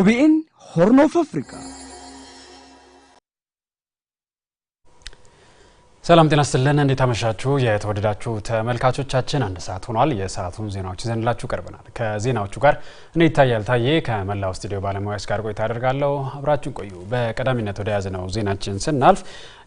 ኦቢኤን ሆርን ኦፍ አፍሪካ። ሰላም ጤና ስትልን እንዴት አመሻችሁ? የተወደዳችሁ ተመልካቾቻችን አንድ ሰዓት ሆኗል። የሰዓቱን ዜናዎች ይዘንላችሁ ቀርበናል። ከዜናዎቹ ጋር እኔ ይታያል ታዬ ከመላው ስቱዲዮ ባለሙያዎች ጋር ቆይታ አደርጋለሁ። አብራችን ቆዩ። በቀዳሚነት ወደ ያዝነው ዜናችን ስናልፍ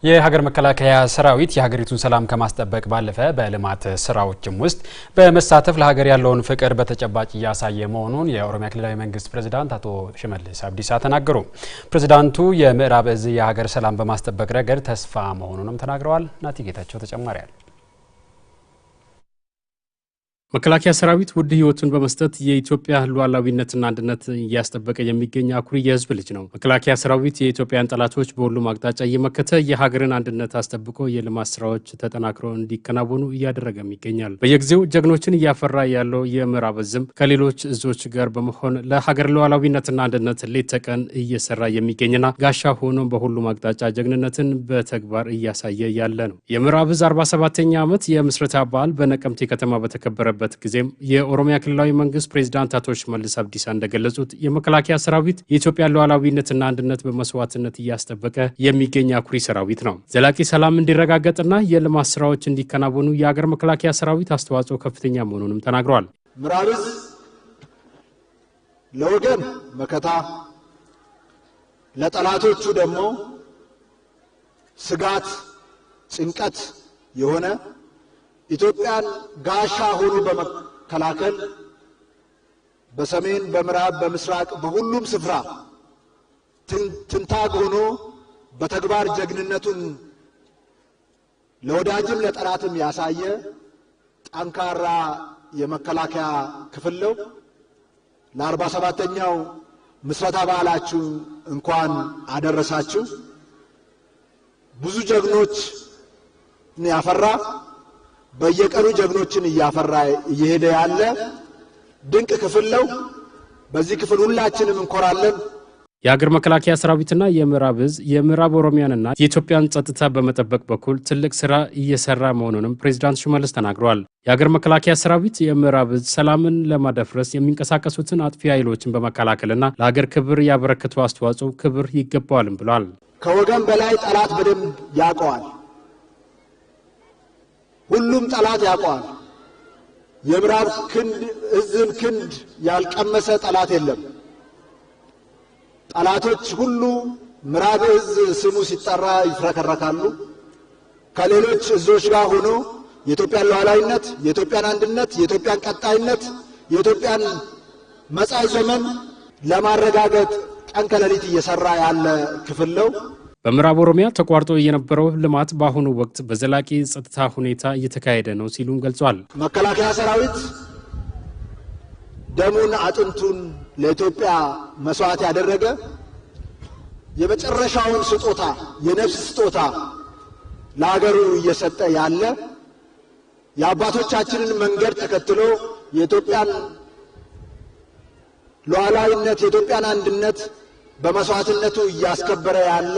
የሀገር መከላከያ ሰራዊት የሀገሪቱን ሰላም ከማስጠበቅ ባለፈ በልማት ስራዎችም ውስጥ በመሳተፍ ለሀገር ያለውን ፍቅር በተጨባጭ እያሳየ መሆኑን የኦሮሚያ ክልላዊ መንግስት ፕሬዚዳንት አቶ ሽመልስ አብዲሳ ተናገሩ። ፕሬዚዳንቱ የምዕራብ እዝ የሀገር ሰላም በማስጠበቅ ረገድ ተስፋ መሆኑንም ተናግረዋል። ናቲ ጌታቸው ተጨማሪ አለ መከላከያ ሰራዊት ውድ ህይወቱን በመስጠት የኢትዮጵያ ሉዓላዊነትና አንድነት እያስጠበቀ የሚገኝ አኩሪ የህዝብ ልጅ ነው። መከላከያ ሰራዊት የኢትዮጵያን ጠላቶች በሁሉም አቅጣጫ እየመከተ የሀገርን አንድነት አስጠብቆ የልማት ስራዎች ተጠናክሮ እንዲከናወኑ እያደረገም ይገኛል። በየጊዜው ጀግኖችን እያፈራ ያለው የምዕራብ እዝም ከሌሎች እዞች ጋር በመሆን ለሀገር ሉዓላዊነትና አንድነት ሌት ተቀን እየሰራ የሚገኝና ጋሻ ሆኖ በሁሉም አቅጣጫ ጀግንነትን በተግባር እያሳየ ያለ ነው። የምዕራብ እዝ 47ኛ ዓመት የምስረታ በዓል በነቀምቴ ከተማ በተከበረበት በሚያደርግበት ጊዜም የኦሮሚያ ክልላዊ መንግስት ፕሬዚዳንት አቶ ሽመልስ አብዲሳ እንደገለጹት የመከላከያ ሰራዊት የኢትዮጵያ ሉዓላዊነትና አንድነት በመስዋዕትነት እያስጠበቀ የሚገኝ አኩሪ ሰራዊት ነው። ዘላቂ ሰላም እንዲረጋገጥና የልማት ስራዎች እንዲከናወኑ የአገር መከላከያ ሰራዊት አስተዋጽኦ ከፍተኛ መሆኑንም ተናግረዋል። ምራብስ ለወገን መከታ፣ ለጠላቶቹ ደግሞ ስጋት ጭንቀት የሆነ ኢትዮጵያን ጋሻ ሆኖ በመከላከል በሰሜን፣ በምዕራብ፣ በምስራቅ በሁሉም ስፍራ ትንታግ ሆኖ በተግባር ጀግንነቱን ለወዳጅም ለጠላትም ያሳየ ጠንካራ የመከላከያ ክፍል ነው። ለአርባ ሰባተኛው ምስረታ በዓላችሁ እንኳን አደረሳችሁ። ብዙ ጀግኖች ያፈራ በየቀኑ ጀግኖችን እያፈራ እየሄደ ያለ ድንቅ ክፍል ነው። በዚህ ክፍል ሁላችንም እንኮራለን። የአገር መከላከያ ሰራዊትና የምዕራብ እዝ የምዕራብ ኦሮሚያንና የኢትዮጵያን ጸጥታ በመጠበቅ በኩል ትልቅ ስራ እየሰራ መሆኑንም ፕሬዚዳንት ሽመልስ ተናግረዋል። የአገር መከላከያ ሰራዊት የምዕራብ እዝ ሰላምን ለማደፍረስ የሚንቀሳቀሱትን አጥፊ ኃይሎችን በመከላከልና ለሀገር ክብር ያበረከቱ አስተዋጽኦ ክብር ይገባዋልም ብሏል። ከወገን በላይ ጠላት በደንብ ያውቀዋል። ሁሉም ጠላት ያውቀዋል። የምዕራብ ክንድ እዝን ክንድ ያልቀመሰ ጠላት የለም። ጠላቶች ሁሉ ምዕራብ እዝ ስሙ ሲጠራ ይፍረከረካሉ። ከሌሎች እዞች ጋር ሆኖ የኢትዮጵያን ሉዓላዊነት፣ የኢትዮጵያን አንድነት፣ የኢትዮጵያን ቀጣይነት፣ የኢትዮጵያን መጻኢ ዘመን ለማረጋገጥ ቀን ከሌሊት እየሰራ ያለ ክፍል ነው። በምዕራብ ኦሮሚያ ተቋርጦ የነበረው ልማት በአሁኑ ወቅት በዘላቂ ጸጥታ ሁኔታ እየተካሄደ ነው ሲሉም ገልጿል። መከላከያ ሰራዊት ደሙን አጥንቱን ለኢትዮጵያ መስዋዕት ያደረገ የመጨረሻውን ስጦታ የነፍስ ስጦታ ለሀገሩ እየሰጠ ያለ የአባቶቻችንን መንገድ ተከትሎ የኢትዮጵያን ሉዓላዊነት የኢትዮጵያን አንድነት በመስዋዕትነቱ እያስከበረ ያለ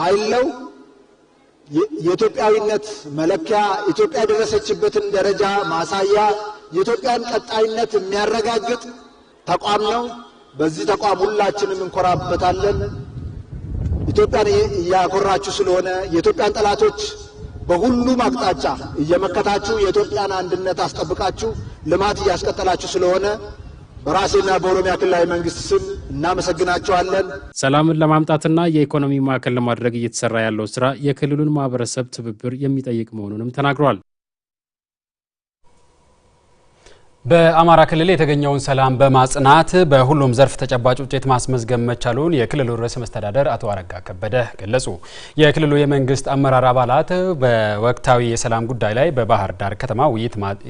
ኃይል ነው። የኢትዮጵያዊነት መለኪያ፣ ኢትዮጵያ የደረሰችበትን ደረጃ ማሳያ፣ የኢትዮጵያን ቀጣይነት የሚያረጋግጥ ተቋም ነው። በዚህ ተቋም ሁላችንም እንኮራበታለን። ኢትዮጵያን እያኮራችሁ ስለሆነ የኢትዮጵያን ጠላቶች በሁሉም አቅጣጫ እየመከታችሁ የኢትዮጵያን አንድነት አስጠብቃችሁ ልማት እያስቀጠላችሁ ስለሆነ በራሴና በኦሮሚያ ክልላዊ መንግስት ስም እናመሰግናቸዋለን። ሰላምን ለማምጣትና የኢኮኖሚ ማዕከል ለማድረግ እየተሰራ ያለው ስራ የክልሉን ማህበረሰብ ትብብር የሚጠይቅ መሆኑንም ተናግሯል። በአማራ ክልል የተገኘውን ሰላም በማጽናት በሁሉም ዘርፍ ተጨባጭ ውጤት ማስመዝገብ መቻሉን የክልሉ ርዕሰ መስተዳደር አቶ አረጋ ከበደ ገለጹ። የክልሉ የመንግስት አመራር አባላት በወቅታዊ የሰላም ጉዳይ ላይ በባህር ዳር ከተማ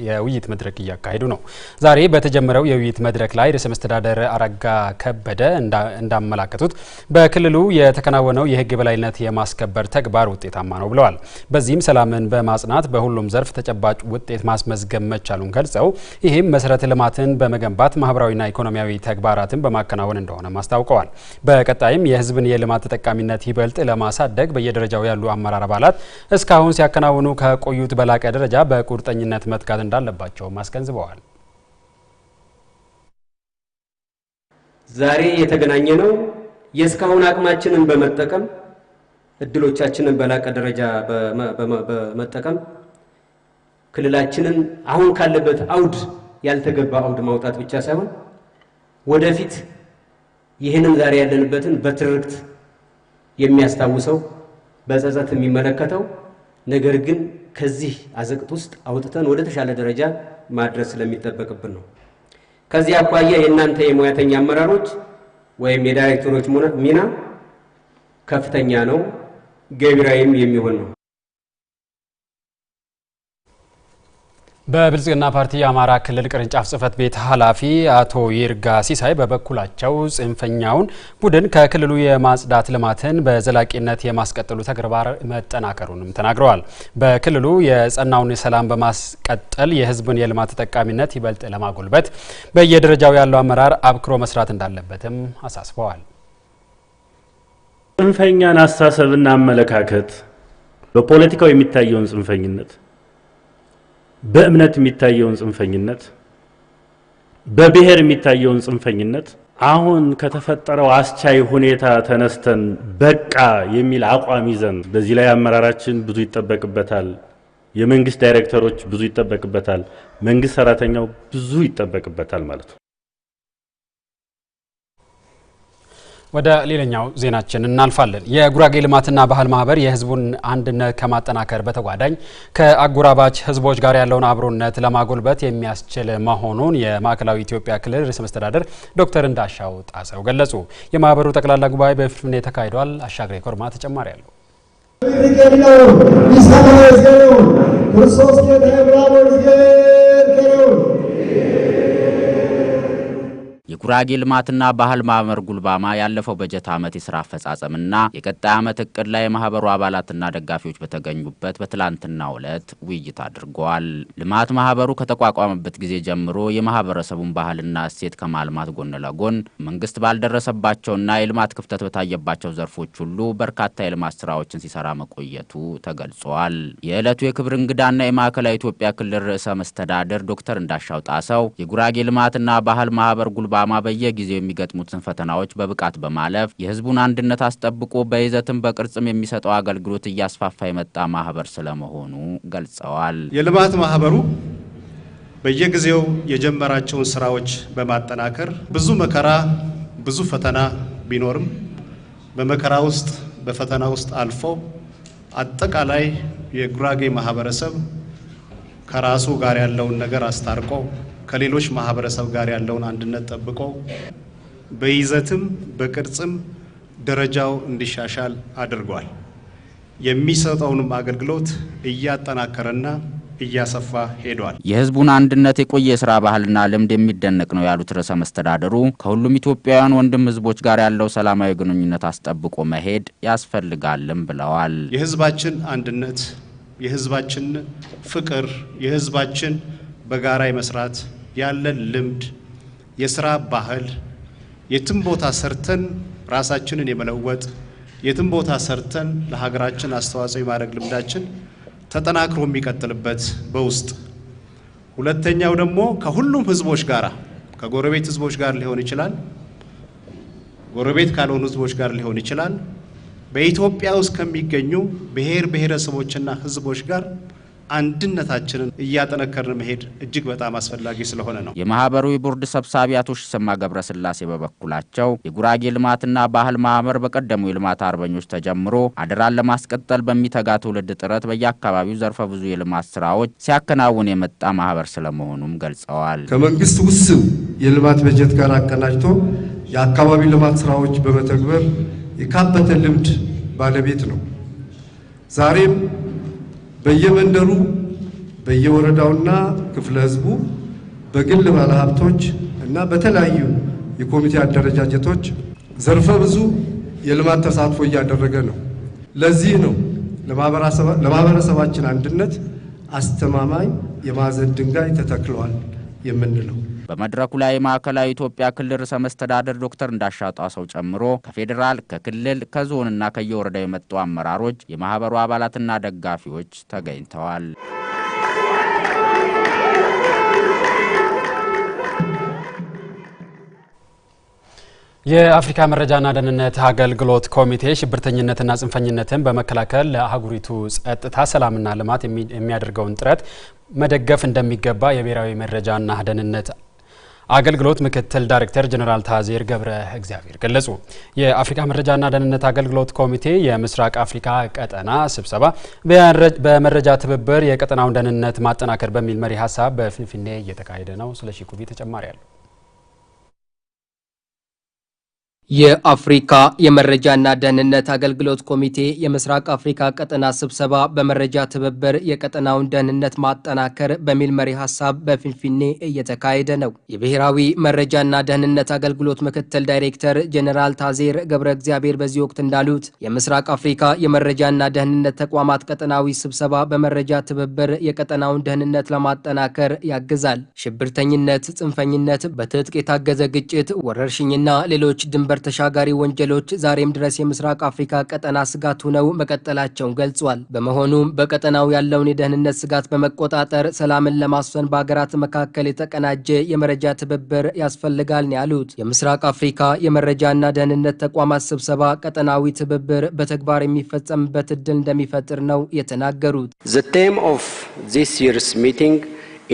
የውይይት መድረክ እያካሄዱ ነው። ዛሬ በተጀመረው የውይይት መድረክ ላይ ርዕሰ መስተዳደር አረጋ ከበደ እንዳመላከቱት በክልሉ የተከናወነው የህግ የበላይነት የማስከበር ተግባር ውጤታማ ነው ብለዋል። በዚህም ሰላምን በማጽናት በሁሉም ዘርፍ ተጨባጭ ውጤት ማስመዝገብ መቻሉን ገልጸው ይህም በተለይም መሰረተ ልማትን በመገንባት ማህበራዊና ኢኮኖሚያዊ ተግባራትን በማከናወን እንደሆነ አስታውቀዋል። በቀጣይም የህዝብን የልማት ተጠቃሚነት ይበልጥ ለማሳደግ በየደረጃው ያሉ አመራር አባላት እስካሁን ሲያከናውኑ ከቆዩት በላቀ ደረጃ በቁርጠኝነት መትጋት እንዳለባቸውም አስገንዝበዋል። ዛሬ የተገናኘ ነው የእስካሁን አቅማችንን በመጠቀም እድሎቻችንን በላቀ ደረጃ በመጠቀም ክልላችንን አሁን ካለበት አውድ ያልተገባ አውድ ማውጣት ብቻ ሳይሆን ወደፊት ይህንን ዛሬ ያለንበትን በትርክት የሚያስታውሰው በጸጸት የሚመለከተው ነገር ግን ከዚህ አዘቅት ውስጥ አውጥተን ወደ ተሻለ ደረጃ ማድረስ ስለሚጠበቅብን ነው። ከዚህ አኳያ የእናንተ የሙያተኛ አመራሮች ወይም የዳይሬክተሮች ሚና ከፍተኛ ነው፣ ገቢራዊም የሚሆን ነው። በብልጽግና ፓርቲ የአማራ ክልል ቅርንጫፍ ጽህፈት ቤት ኃላፊ አቶ ይርጋ ሲሳይ በበኩላቸው ጽንፈኛውን ቡድን ከክልሉ የማጽዳት ልማትን በዘላቂነት የማስቀጠሉ ተግባር መጠናከሩንም ተናግረዋል። በክልሉ የጸናውን ሰላም በማስቀጠል የህዝብን የልማት ተጠቃሚነት ይበልጥ ለማጎልበት በየደረጃው ያለው አመራር አብክሮ መስራት እንዳለበትም አሳስበዋል። ጽንፈኛን አስተሳሰብና አመለካከት በፖለቲካው የሚታየውን ጽንፈኝነት በእምነት የሚታየውን ጽንፈኝነት፣ በብሔር የሚታየውን ጽንፈኝነት አሁን ከተፈጠረው አስቻይ ሁኔታ ተነስተን በቃ የሚል አቋም ይዘን በዚህ ላይ አመራራችን ብዙ ይጠበቅበታል። የመንግስት ዳይሬክተሮች ብዙ ይጠበቅበታል። መንግስት ሰራተኛው ብዙ ይጠበቅበታል ማለት ነው። ወደ ሌላኛው ዜናችን እናልፋለን። የጉራጌ ልማትና ባህል ማህበር የህዝቡን አንድነት ከማጠናከር በተጓዳኝ ከአጎራባች ህዝቦች ጋር ያለውን አብሮነት ለማጎልበት የሚያስችል መሆኑን የማዕከላዊ ኢትዮጵያ ክልል ርዕሰ መስተዳደር ዶክተር እንዳሻው ጣሰው ገለጹ። የማህበሩ ጠቅላላ ጉባኤ በፍንፍኔ ተካሂዷል። አሻግሬ ኮርማ ተጨማሪ አለው። ክርስቶስ የጉራጌ ልማትና ባህል ማህበር ጉልባማ ያለፈው በጀት ዓመት የስራ አፈጻጸምና የቀጣይ ዓመት እቅድ ላይ የማህበሩ አባላትና ደጋፊዎች በተገኙበት በትላንትና ዕለት ውይይት አድርገዋል። ልማት ማህበሩ ከተቋቋመበት ጊዜ ጀምሮ የማህበረሰቡን ባህልና እሴት ከማልማት ጎን ለጎን መንግስት ባልደረሰባቸውና የልማት ክፍተት በታየባቸው ዘርፎች ሁሉ በርካታ የልማት ስራዎችን ሲሰራ መቆየቱ ተገልጿል። የዕለቱ የክብር እንግዳና የማዕከላዊ ኢትዮጵያ ክልል ርዕሰ መስተዳደር ዶክተር እንዳሻው ጣሰው የጉራጌ ልማትና ባህል ማህበር ጉልባማ ዓላማ በየጊዜው የሚገጥሙትን ፈተናዎች በብቃት በማለፍ የህዝቡን አንድነት አስጠብቆ በይዘትም በቅርጽም የሚሰጠው አገልግሎት እያስፋፋ የመጣ ማህበር ስለመሆኑ ገልጸዋል። የልማት ማህበሩ በየጊዜው የጀመራቸውን ስራዎች በማጠናከር ብዙ መከራ ብዙ ፈተና ቢኖርም በመከራ ውስጥ በፈተና ውስጥ አልፎ አጠቃላይ የጉራጌ ማህበረሰብ ከራሱ ጋር ያለውን ነገር አስታርቆ ከሌሎች ማህበረሰብ ጋር ያለውን አንድነት ጠብቆ በይዘትም በቅርጽም ደረጃው እንዲሻሻል አድርጓል። የሚሰጠውንም አገልግሎት እያጠናከረና እያሰፋ ሄዷል። የህዝቡን አንድነት የቆየ የስራ ባህልና ልምድ የሚደነቅ ነው ያሉት ርዕሰ መስተዳደሩ ከሁሉም ኢትዮጵያውያን ወንድም ህዝቦች ጋር ያለው ሰላማዊ ግንኙነት አስጠብቆ መሄድ ያስፈልጋልም ብለዋል። የህዝባችን አንድነት፣ የህዝባችን ፍቅር፣ የህዝባችን በጋራ የመስራት ያለን ልምድ፣ የስራ ባህል የትም ቦታ ሰርተን ራሳችንን የመለወጥ የትም ቦታ ሰርተን ለሀገራችን አስተዋጽኦ የማድረግ ልምዳችን ተጠናክሮ የሚቀጥልበት በውስጥ ሁለተኛው ደግሞ ከሁሉም ህዝቦች ጋር ከጎረቤት ህዝቦች ጋር ሊሆን ይችላል፣ ጎረቤት ካልሆኑ ህዝቦች ጋር ሊሆን ይችላል። በኢትዮጵያ ውስጥ ከሚገኙ ብሔር ብሔረሰቦችና ህዝቦች ጋር አንድነታችንን እያጠነከርን መሄድ እጅግ በጣም አስፈላጊ ስለሆነ ነው። የማህበሩ ቦርድ ሰብሳቢ አቶ ሽሰማ ገብረስላሴ በበኩላቸው የጉራጌ ልማትና ባህል ማህበር በቀደሙ የልማት አርበኞች ተጀምሮ አደራን ለማስቀጠል በሚተጋ ትውልድ ጥረት በየአካባቢው ዘርፈ ብዙ የልማት ስራዎች ሲያከናውን የመጣ ማህበር ስለመሆኑም ገልጸዋል። ከመንግስት ውስን የልማት በጀት ጋር አቀናጅቶ የአካባቢ ልማት ስራዎች በመተግበር የካበተ ልምድ ባለቤት ነው። ዛሬም በየመንደሩ በየወረዳውና ክፍለ ህዝቡ በግል ባለሀብቶች እና በተለያዩ የኮሚቴ አደረጃጀቶች ዘርፈ ብዙ የልማት ተሳትፎ እያደረገ ነው። ለዚህ ነው ለማህበረሰባችን አንድነት አስተማማኝ የማዕዘን ድንጋይ ተተክለዋል። የምንለው። በመድረኩ ላይ ማዕከላዊ ኢትዮጵያ ክልል ርዕሰ መስተዳደር ዶክተር እንዳሻው ጣሰው ጨምሮ ከፌዴራል ከክልል ከዞንና ከየወረዳው የመጡ አመራሮች፣ የማህበሩ አባላትና ደጋፊዎች ተገኝተዋል። የአፍሪካ መረጃና ደህንነት አገልግሎት ኮሚቴ ሽብርተኝነትና ጽንፈኝነትን በመከላከል ለአህጉሪቱ ጸጥታ፣ ሰላምና ልማት የሚያደርገውን ጥረት መደገፍ እንደሚገባ የብሔራዊ መረጃና ደህንነት አገልግሎት ምክትል ዳይሬክተር ጀኔራል ታዜር ገብረ እግዚአብሔር ገለጹ። የአፍሪካ መረጃና ደህንነት አገልግሎት ኮሚቴ የምስራቅ አፍሪካ ቀጠና ስብሰባ በመረጃ ትብብር የቀጠናውን ደህንነት ማጠናከር በሚል መሪ ሀሳብ በፊንፊኔ እየተካሄደ ነው። ስለሺ ኩቢ ተጨማሪ አለው። የአፍሪካ የመረጃና ደህንነት አገልግሎት ኮሚቴ የምስራቅ አፍሪካ ቀጠና ስብሰባ በመረጃ ትብብር የቀጠናውን ደህንነት ማጠናከር በሚል መሪ ሀሳብ በፊንፊኔ እየተካሄደ ነው። የብሔራዊ መረጃና ደህንነት አገልግሎት ምክትል ዳይሬክተር ጀኔራል ታዜር ገብረ እግዚአብሔር በዚህ ወቅት እንዳሉት የምስራቅ አፍሪካ የመረጃና ደህንነት ተቋማት ቀጠናዊ ስብሰባ በመረጃ ትብብር የቀጠናውን ደህንነት ለማጠናከር ያግዛል። ሽብርተኝነት፣ ጽንፈኝነት፣ በትጥቅ የታገዘ ግጭት፣ ወረርሽኝና ሌሎች ድንበር ድንበር ተሻጋሪ ወንጀሎች ዛሬም ድረስ የምስራቅ አፍሪካ ቀጠና ስጋት ሆነው መቀጠላቸውን ገልጿል። በመሆኑም በቀጠናው ያለውን የደህንነት ስጋት በመቆጣጠር ሰላምን ለማስፈን በሀገራት መካከል የተቀናጀ የመረጃ ትብብር ያስፈልጋል ያሉት። የምስራቅ አፍሪካ የመረጃና ደህንነት ተቋማት ስብሰባ ቀጠናዊ ትብብር በተግባር የሚፈጸምበት እድል እንደሚፈጥር ነው የተናገሩት።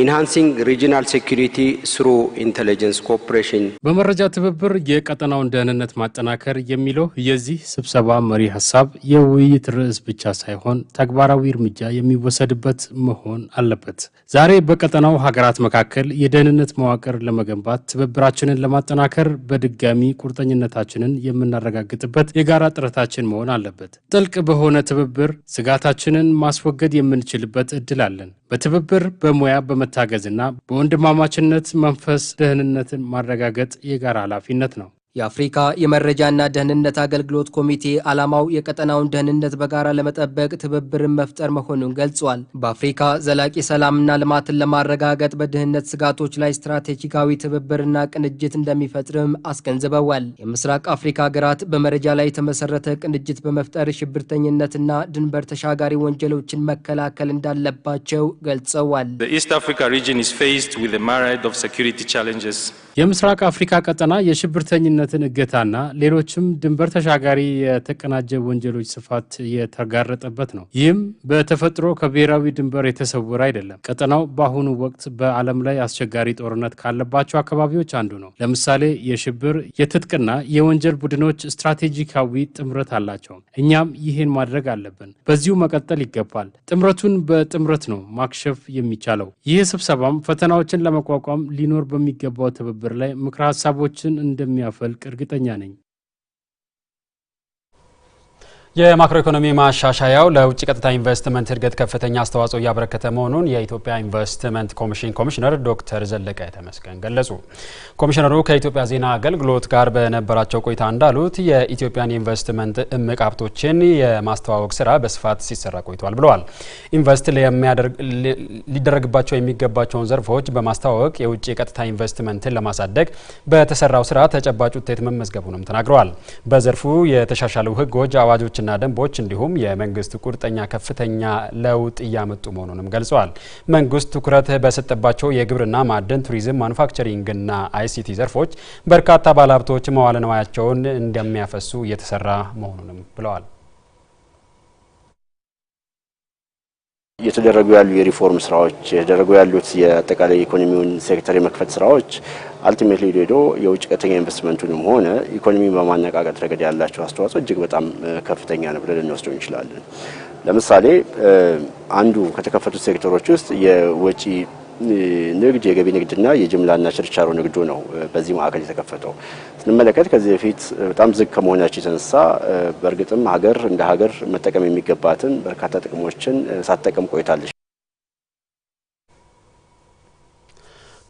ኢንሃንሲንግ ሪጂናል ሴኩሪቲ ስሩ ኢንቴሊጀንስ ኮኦፕሬሽን በመረጃ ትብብር የቀጠናውን ደህንነት ማጠናከር የሚለው የዚህ ስብሰባ መሪ ሀሳብ የውይይት ርዕስ ብቻ ሳይሆን ተግባራዊ እርምጃ የሚወሰድበት መሆን አለበት። ዛሬ በቀጠናው ሀገራት መካከል የደህንነት መዋቅር ለመገንባት ትብብራችንን ለማጠናከር በድጋሚ ቁርጠኝነታችንን የምናረጋግጥበት የጋራ ጥረታችን መሆን አለበት። ጥልቅ በሆነ ትብብር ስጋታችንን ማስወገድ የምንችልበት እድል አለን። በትብብር በሙያ በመታገዝና በወንድማማችነት መንፈስ ደህንነትን ማረጋገጥ የጋራ ኃላፊነት ነው። የአፍሪካ የመረጃና ደህንነት አገልግሎት ኮሚቴ ዓላማው የቀጠናውን ደህንነት በጋራ ለመጠበቅ ትብብርን መፍጠር መሆኑን ገልጿል። በአፍሪካ ዘላቂ ሰላምና ልማትን ለማረጋገጥ በድህነት ስጋቶች ላይ ስትራቴጂካዊ ትብብርና ቅንጅት እንደሚፈጥርም አስገንዝበዋል። የምስራቅ አፍሪካ ሀገራት በመረጃ ላይ የተመሰረተ ቅንጅት በመፍጠር ሽብርተኝነትና ድንበር ተሻጋሪ ወንጀሎችን መከላከል እንዳለባቸው ገልጸዋል። የምስራቅ አፍሪካ ቀጠና የሽብርተኝነት የአንድነትን እገታና ሌሎችም ድንበር ተሻጋሪ የተቀናጀ ወንጀሎች ስፋት የተጋረጠበት ነው። ይህም በተፈጥሮ ከብሔራዊ ድንበር የተሰወረ አይደለም። ቀጠናው በአሁኑ ወቅት በዓለም ላይ አስቸጋሪ ጦርነት ካለባቸው አካባቢዎች አንዱ ነው። ለምሳሌ የሽብር የትጥቅና የወንጀል ቡድኖች ስትራቴጂካዊ ጥምረት አላቸው። እኛም ይህን ማድረግ አለብን። በዚሁ መቀጠል ይገባል። ጥምረቱን በጥምረት ነው ማክሸፍ የሚቻለው። ይህ ስብሰባም ፈተናዎችን ለመቋቋም ሊኖር በሚገባው ትብብር ላይ ምክረ ሀሳቦችን እንደሚያፈል እንደሚያልቅ እርግጠኛ ነኝ። የማክሮ ኢኮኖሚ ማሻሻያው ለውጭ ቀጥታ ኢንቨስትመንት እድገት ከፍተኛ አስተዋጽኦ እያበረከተ መሆኑን የኢትዮጵያ ኢንቨስትመንት ኮሚሽን ኮሚሽነር ዶክተር ዘለቀ ተመስገን ገለጹ። ኮሚሽነሩ ከኢትዮጵያ ዜና አገልግሎት ጋር በነበራቸው ቆይታ እንዳሉት የኢትዮጵያን የኢንቨስትመንት እምቅ ሀብቶችን የማስተዋወቅ ስራ በስፋት ሲሰራ ቆይቷል ብለዋል። ኢንቨስት ሊደረግባቸው የሚገባቸውን ዘርፎች በማስተዋወቅ የውጭ ቀጥታ ኢንቨስትመንትን ለማሳደግ በተሰራው ስራ ተጨባጭ ውጤት መመዝገቡንም ተናግረዋል። በዘርፉ የተሻሻሉ ህጎች፣ አዋጆች ህጎችና ደንቦች እንዲሁም የመንግስት ቁርጠኛ ከፍተኛ ለውጥ እያመጡ መሆኑንም ገልጸዋል። መንግስት ትኩረት በሰጠባቸው የግብርና፣ ማዕድን፣ ቱሪዝም፣ ማኑፋክቸሪንግና አይሲቲ ዘርፎች በርካታ ባለሀብቶች መዋለ ንዋያቸውን እንደሚያፈሱ እየተሰራ መሆኑንም ብለዋል። እየተደረጉ ያሉ የሪፎርም ስራዎች የተደረጉ ያሉት የአጠቃላይ ኢኮኖሚውን ሴክተር የመክፈት ስራዎች አልቲሜትሊ ሄዶ የውጭ ቀጥተኛ ኢንቨስትመንቱንም ሆነ ኢኮኖሚን በማነቃቀጥ ረገድ ያላቸው አስተዋጽኦ እጅግ በጣም ከፍተኛ ነው ብለን ልንወስደው እንችላለን። ለምሳሌ አንዱ ከተከፈቱት ሴክተሮች ውስጥ የወጪ ንግድ የገቢ ንግድና የጅምላና ችርቻሮ ንግዱ ነው በዚህ ማዕከል የተከፈተው። ስንመለከት ከዚህ በፊት በጣም ዝግ ከመሆናቸው የተነሳ በእርግጥም ሀገር እንደ ሀገር መጠቀም የሚገባትን በርካታ ጥቅሞችን ሳትጠቀም ቆይታለች።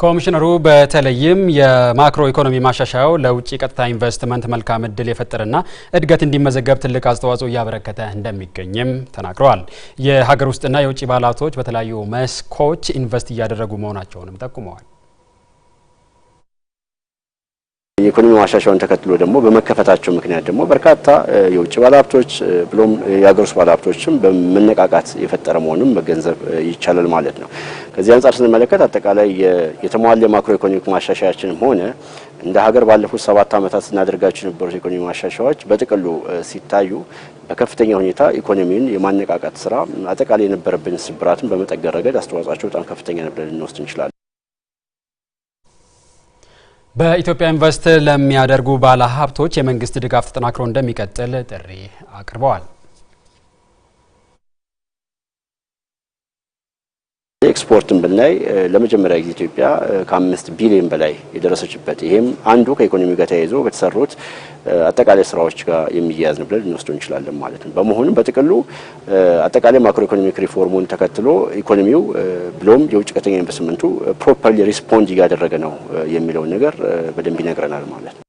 ኮሚሽነሩ በተለይም የማክሮ ኢኮኖሚ ማሻሻያው ለውጭ ቀጥታ ኢንቨስትመንት መልካም እድል የፈጠረና እድገት እንዲመዘገብ ትልቅ አስተዋጽኦ እያበረከተ እንደሚገኝም ተናግረዋል። የሀገር ውስጥና የውጭ ባለሀብቶች በተለያዩ መስኮች ኢንቨስት እያደረጉ መሆናቸውንም ጠቁመዋል። የኢኮኖሚ ማሻሻያውን ተከትሎ ደግሞ በመከፈታቸው ምክንያት ደግሞ በርካታ የውጭ ባለሀብቶች ብሎም የሀገር ውስጥ ባለሀብቶችም በመነቃቃት የፈጠረ መሆኑን መገንዘብ ይቻላል ማለት ነው። ከዚህ አንጻር ስንመለከት አጠቃላይ የተሟላ የማክሮ ኢኮኖሚክ ማሻሻያችንም ሆነ እንደ ሀገር ባለፉት ሰባት ዓመታት ስናደርጋቸው የነበሩት የኢኮኖሚ ማሻሻያዎች በጥቅሉ ሲታዩ በከፍተኛ ሁኔታ ኢኮኖሚውን የማነቃቃት ስራ አጠቃላይ የነበረብን ስብራትን በመጠገን ረገድ አስተዋጽኦቸው በጣም ከፍተኛ ነው ልንወስድ እንችላለን። በኢትዮጵያ ኢንቨስት ለሚያደርጉ ባለ ሀብቶች የመንግስት ድጋፍ ተጠናክሮ እንደሚቀጥል ጥሪ አቅርበዋል። ኤክስፖርትን ብናይ ለመጀመሪያ ጊዜ ኢትዮጵያ ከአምስት ቢሊዮን በላይ የደረሰችበት ይሄም አንዱ ከኢኮኖሚ ጋር ተያይዞ ከተሰሩት አጠቃላይ ስራዎች ጋር የሚያያዝ ነው ብለን ልንወስደው እንችላለን ማለት ነው። በመሆኑም በጥቅሉ አጠቃላይ ማክሮ ኢኮኖሚክ ሪፎርሙን ተከትሎ ኢኮኖሚው ብሎም የውጭ ቀጥተኛ ኢንቨስትመንቱ ፕሮፐርሊ ሪስፖንድ እያደረገ ነው የሚለውን ነገር በደንብ ይነግረናል ማለት ነው።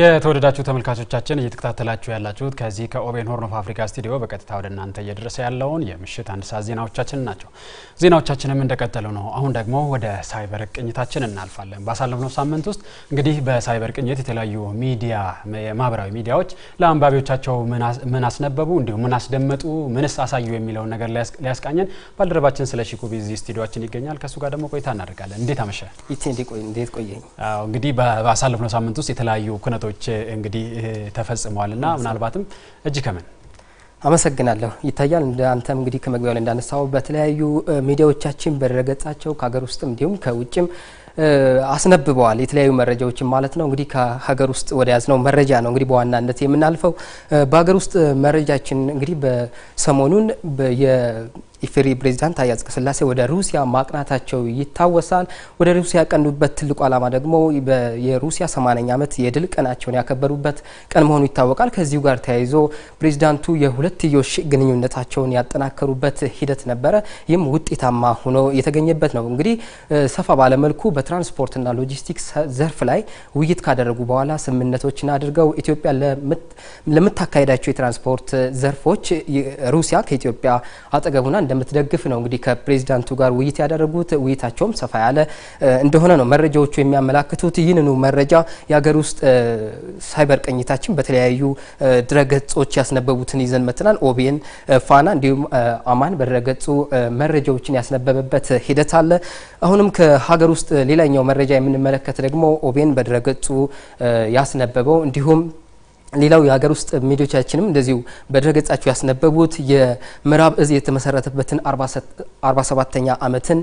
የተወደዳችሁ ተመልካቾቻችን እየተከታተላችሁ ያላችሁት ከዚህ ከኦቤን ሆርን ኦፍ አፍሪካ ስቱዲዮ በቀጥታ ወደ እናንተ እየደረሰ ያለውን የምሽት አንድ ሰዓት ዜናዎቻችን ናቸው። ዜናዎቻችንም እንደቀጠሉ ነው። አሁን ደግሞ ወደ ሳይበር ቅኝታችን እናልፋለን። ባሳለፍነው ሳምንት ውስጥ እንግዲህ በሳይበር ቅኝት የተለያዩ ሚዲያ የማህበራዊ ሚዲያዎች ለአንባቢዎቻቸው ምን አስነበቡ፣ እንዲሁም ምን አስደመጡ፣ ምንስ አሳዩ የሚለውን ነገር ሊያስቃኘን ባልደረባችን ስለ ሺኩቢ ቢዚ ስቱዲዮችን ይገኛል። ከእሱ ጋር ደግሞ ቆይታ እናደርጋለን። እንዴት አመሸ? እንዴት ቆየኝ? እንግዲህ ባሳለፍነው ሳምንት ውስጥ የተለያዩ ኩነቶች ድርጊቶች eh, እንግዲህ eh, ተፈጽመዋል እና ምናልባትም እጅ ከምን አመሰግናለሁ ይታያል። አንተም እንግዲህ ከመግቢያው ላይ እንዳነሳው በተለያዩ eh, ሚዲያዎቻችን በድረገጻቸው ከሀገር ውስጥም እንዲሁም ከውጭም አስነብበዋል የተለያዩ መረጃዎችን ማለት ነው። እንግዲህ ከሀገር ውስጥ ወደ ያዝነው መረጃ ነው እንግዲህ በዋናነት የምናልፈው። በሀገር ውስጥ መረጃችን እንግዲህ በሰሞኑን ኢፌሪ ፕሬዚዳንት ታዬ አጽቀሥላሴ ወደ ሩሲያ ማቅናታቸው ይታወሳል። ወደ ሩሲያ ያቀኑበት ትልቁ ዓላማ ደግሞ የሩሲያ 80ኛ ዓመት የድል ቀናቸውን ያከበሩበት ቀን መሆኑ ይታወቃል። ከዚሁ ጋር ተያይዞ ፕሬዚዳንቱ የሁለትዮሽ ግንኙነታቸውን ያጠናከሩበት ሂደት ነበረ። ይህም ውጤታማ ሆኖ የተገኘበት ነው። እንግዲህ ሰፋ ባለመልኩ በትራንስፖርትና ሎጂስቲክስ ዘርፍ ላይ ውይይት ካደረጉ በኋላ ስምምነቶችን አድርገው ኢትዮጵያ ለምታካሄዳቸው የትራንስፖርት ዘርፎች ሩሲያ ከኢትዮጵያ አጠገቡና እንደምትደግፍ ነው እንግዲህ ከፕሬዚዳንቱ ጋር ውይይት ያደረጉት። ውይይታቸውም ሰፋ ያለ እንደሆነ ነው መረጃዎቹ የሚያመላክቱት። ይህንኑ መረጃ የሀገር ውስጥ ሳይበር ቅኝታችን በተለያዩ ድረገጾች ያስነበቡትን ይዘን መትናል። ኦቤን፣ ፋና እንዲሁም አማን በድረገጹ መረጃዎችን ያስነበበበት ሂደት አለ። አሁንም ከሀገር ውስጥ ሌላኛው መረጃ የምንመለከት ደግሞ ኦቤን በድረገጹ ያስነበበው እንዲሁም ሌላው የሀገር ውስጥ ሚዲያዎቻችንም እንደዚሁ በድረገጻቸው ያስነበቡት የምዕራብ እዝ የተመሰረተበትን 47ኛ ዓመትን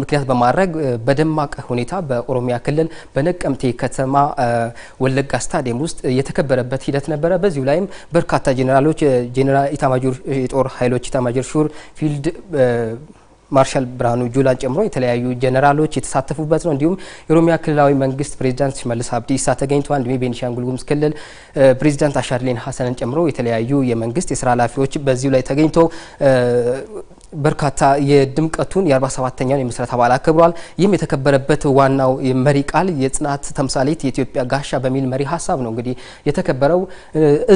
ምክንያት በማድረግ በደማቅ ሁኔታ በኦሮሚያ ክልል በነቀምቴ ከተማ ወለጋ ስታዲየም ውስጥ የተከበረበት ሂደት ነበረ። በዚሁ ላይም በርካታ ጄኔራሎች ጄኔራል ኢታማጆር የጦር ኃይሎች ኢታማጆር ሹር ፊልድ ማርሻል ብርሃኑ ጁላን ጨምሮ የተለያዩ ጀነራሎች የተሳተፉበት ነው። እንዲሁም የኦሮሚያ ክልላዊ መንግስት ፕሬዚዳንት ሽመልስ አብዲሳ ተገኝተዋል። እንዲሁም የቤኒሻንጉል ጉሙዝ ክልል ፕሬዚዳንት አሻድሌን ሀሰንን ጨምሮ የተለያዩ የመንግስት የስራ ኃላፊዎች በዚሁ ላይ ተገኝተው በርካታ የድምቀቱን የ47ኛውን የምስረታ በዓል አክብሯል። ይህም የተከበረበት ዋናው መሪ ቃል የጽናት ተምሳሌት የኢትዮጵያ ጋሻ በሚል መሪ ሀሳብ ነው እንግዲህ የተከበረው።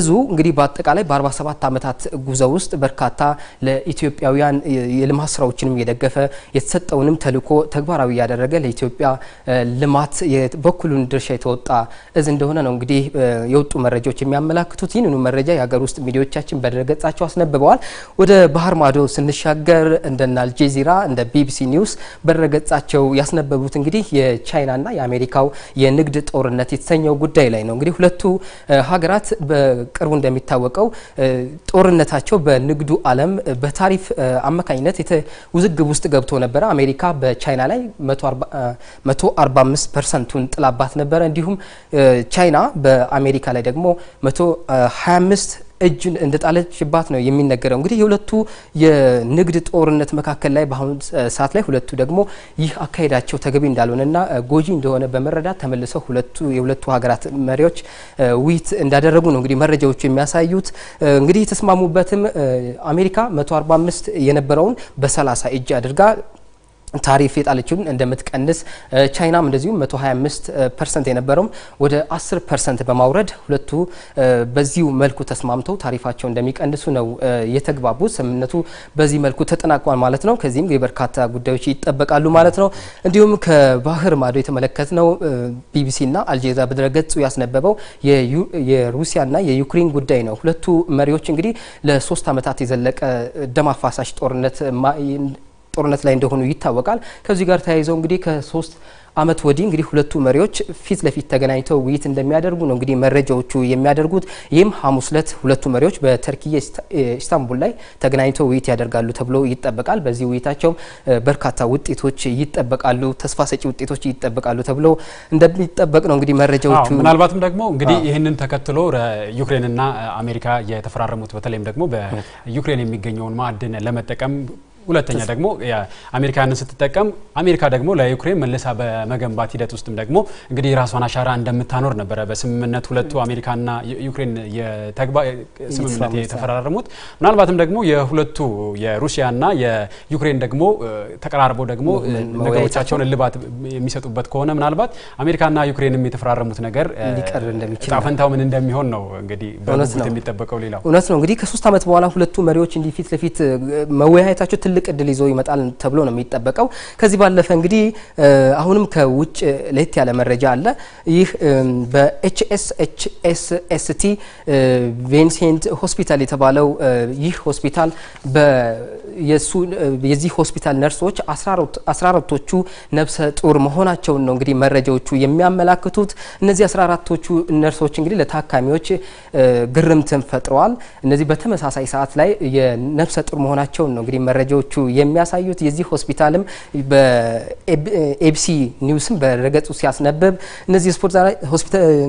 እዙ እንግዲህ በአጠቃላይ በ47 ዓመታት ጉዞ ውስጥ በርካታ ለኢትዮጵያውያን የልማት ስራዎችንም እየደገፈ የተሰጠውንም ተልዕኮ ተግባራዊ እያደረገ ለኢትዮጵያ ልማት በኩሉን ድርሻ የተወጣ እዝ እንደሆነ ነው እንግዲህ የወጡ መረጃዎች የሚያመላክቱት። ይህንኑ መረጃ የሀገር ውስጥ ሚዲያዎቻችን በድረገጻቸው አስነብበዋል። ወደ ባህር ማዶ ስንሻገር ባሻገር እንደነ አልጄዚራ እንደ ቢቢሲ ኒውስ በረገጻቸው ያስነበቡት እንግዲህ የቻይናና የአሜሪካው የንግድ ጦርነት የተሰኘው ጉዳይ ላይ ነው። እንግዲህ ሁለቱ ሀገራት በቅርቡ እንደሚታወቀው ጦርነታቸው በንግዱ ዓለም በታሪፍ አማካኝነት ውዝግብ ውስጥ ገብቶ ነበረ። አሜሪካ በቻይና ላይ 145 ፐርሰንቱን ጥላባት ነበረ። እንዲሁም ቻይና በአሜሪካ ላይ ደግሞ 125 እጅን እንደጣለችባት ነው የሚነገረው። እንግዲህ የሁለቱ የንግድ ጦርነት መካከል ላይ በአሁኑ ሰዓት ላይ ሁለቱ ደግሞ ይህ አካሄዳቸው ተገቢ እንዳልሆነና ጎጂ እንደሆነ በመረዳት ተመልሰው ሁለቱ የሁለቱ ሀገራት መሪዎች ውይይት እንዳደረጉ ነው እንግዲህ መረጃዎቹ የሚያሳዩት። እንግዲህ የተስማሙበትም አሜሪካ 145 የነበረውን በ30 እጅ አድርጋ ታሪፍ የጣለችውን እንደምትቀንስ ቻይናም እንደዚሁም 125 ፐርሰንት የነበረውም ወደ 10 ፐርሰንት በማውረድ ሁለቱ በዚሁ መልኩ ተስማምተው ታሪፋቸው እንደሚቀንሱ ነው የተግባቡ። ስምምነቱ በዚህ መልኩ ተጠናቋል ማለት ነው። ከዚህም የበርካታ ጉዳዮች ይጠበቃሉ ማለት ነው። እንዲሁም ከባህር ማዶ የተመለከትነው ቢቢሲና አልጄዚራ በድረገጹ ያስነበበው የሩሲያና የዩክሬን ጉዳይ ነው። ሁለቱ መሪዎች እንግዲህ ለሶስት ዓመታት የዘለቀ ደም አፋሳሽ ጦርነት ጦርነት ላይ እንደሆኑ ይታወቃል። ከዚህ ጋር ተያይዘው እንግዲህ ከሶስት አመት ወዲህ እንግዲህ ሁለቱ መሪዎች ፊት ለፊት ተገናኝተው ውይይት እንደሚያደርጉ ነው እንግዲህ መረጃዎቹ የሚያደርጉት። ይህም ሐሙስ ዕለት ሁለቱ መሪዎች በተርኪየ ኢስታንቡል ላይ ተገናኝተው ውይይት ያደርጋሉ ተብሎ ይጠበቃል። በዚህ ውይይታቸውም በርካታ ውጤቶች ይጠበቃሉ፣ ተስፋ ሰጪ ውጤቶች ይጠበቃሉ ተብሎ እንደሚጠበቅ ነው እንግዲህ መረጃዎቹ። ምናልባትም ደግሞ እንግዲህ ይህንን ተከትሎ ዩክሬንና አሜሪካ የተፈራረሙት በተለይም ደግሞ በዩክሬን የሚገኘውን ማዕድን ለመጠቀም ሁለተኛ ደግሞ አሜሪካንን ስትጠቀም አሜሪካ ደግሞ ለዩክሬን መልሳ በመገንባት ሂደት ውስጥም ደግሞ እንግዲህ የራሷን አሻራ እንደምታኖር ነበረ በስምምነት ሁለቱ አሜሪካና ዩክሬን ስምምነት የተፈራረሙት። ምናልባትም ደግሞ የሁለቱ የሩሲያና የዩክሬን ደግሞ ተቀራርበው ደግሞ ነገሮቻቸውን እልባት የሚሰጡበት ከሆነ ምናልባት አሜሪካና ዩክሬንም የተፈራረሙት ነገር ዕጣ ፈንታው ምን እንደሚሆን ነው እንግዲህ በጉጉት የሚጠበቀው። ሌላው እውነት ነው እንግዲህ ከሶስት ዓመት በኋላ ሁለቱ መሪዎች እንዲህ ፊት ለፊት መወያየታቸው ትልቅ እድል ይዞ ይመጣል ተብሎ ነው የሚጠበቀው። ከዚህ ባለፈ እንግዲህ አሁንም ከውጭ ለየት ያለ መረጃ አለ። ይህ በኤችኤስኤችኤስኤስቲ ቬንሴንት ሆስፒታል የተባለው ይህ ሆስፒታል የዚህ ሆስፒታል ነርሶች 14ቶቹ ነብሰ ጡር መሆናቸውን ነው እንግዲህ መረጃዎቹ የሚያመላክቱት። እነዚህ 14ቶቹ ነርሶች እንግዲህ ለታካሚዎች ግርምትን ፈጥረዋል። እነዚህ በተመሳሳይ ሰዓት ላይ የነብሰ ጡር መሆናቸውን ነው እንግዲህ መረጃዎች ሌሎቹ የሚያሳዩት። የዚህ ሆስፒታልም በኤቢሲ ኒውስም በረገጹ ሲያስነብብ እነዚህ ስፖርት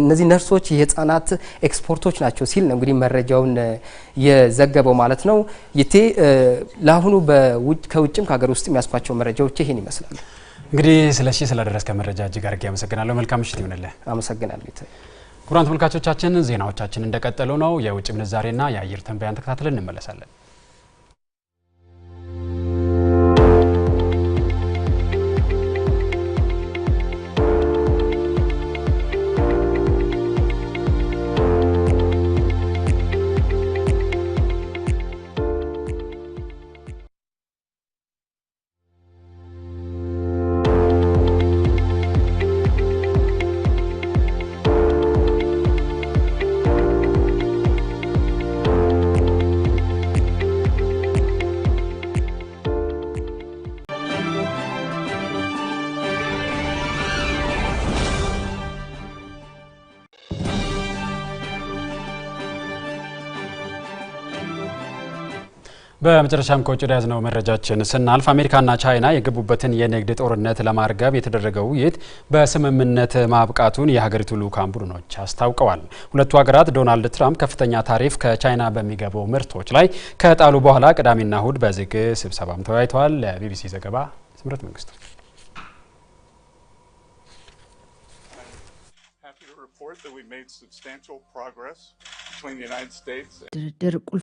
እነዚህ ነርሶች የህጻናት ኤክስፖርቶች ናቸው ሲል ነው እንግዲህ መረጃውን የዘገበው ማለት ነው። ይቴ ለአሁኑ ከውጭም ከሀገር ውስጥ የሚያስኳቸው መረጃዎች ይሄን ይመስላል። እንግዲህ ሺ ስላደረስከ መረጃ እጅግ አድርጌ አመሰግናለሁ። መልካም ምሽት ይሆንልህ። አመሰግናለሁ ክቡራን ተመልካቾቻችን ዜናዎቻችን እንደቀጠሉ ነው። የውጭ ምንዛሬና የአየር ትንበያን ተከታትለን እንመለሳለን። በመጨረሻም ከውጭ ወደያዝነው መረጃችን ስናልፍ አሜሪካና ቻይና የገቡበትን የንግድ ጦርነት ለማርገብ የተደረገው ውይይት በስምምነት ማብቃቱን የሀገሪቱ ልዑካን ቡድኖች አስታውቀዋል። ሁለቱ ሀገራት ዶናልድ ትራምፕ ከፍተኛ ታሪፍ ከቻይና በሚገቡ ምርቶች ላይ ከጣሉ በኋላ ቅዳሜና እሁድ በዝግ ስብሰባም ተወያይተዋል። ለቢቢሲ ዘገባ ስምረት መንግስቱ ድርድር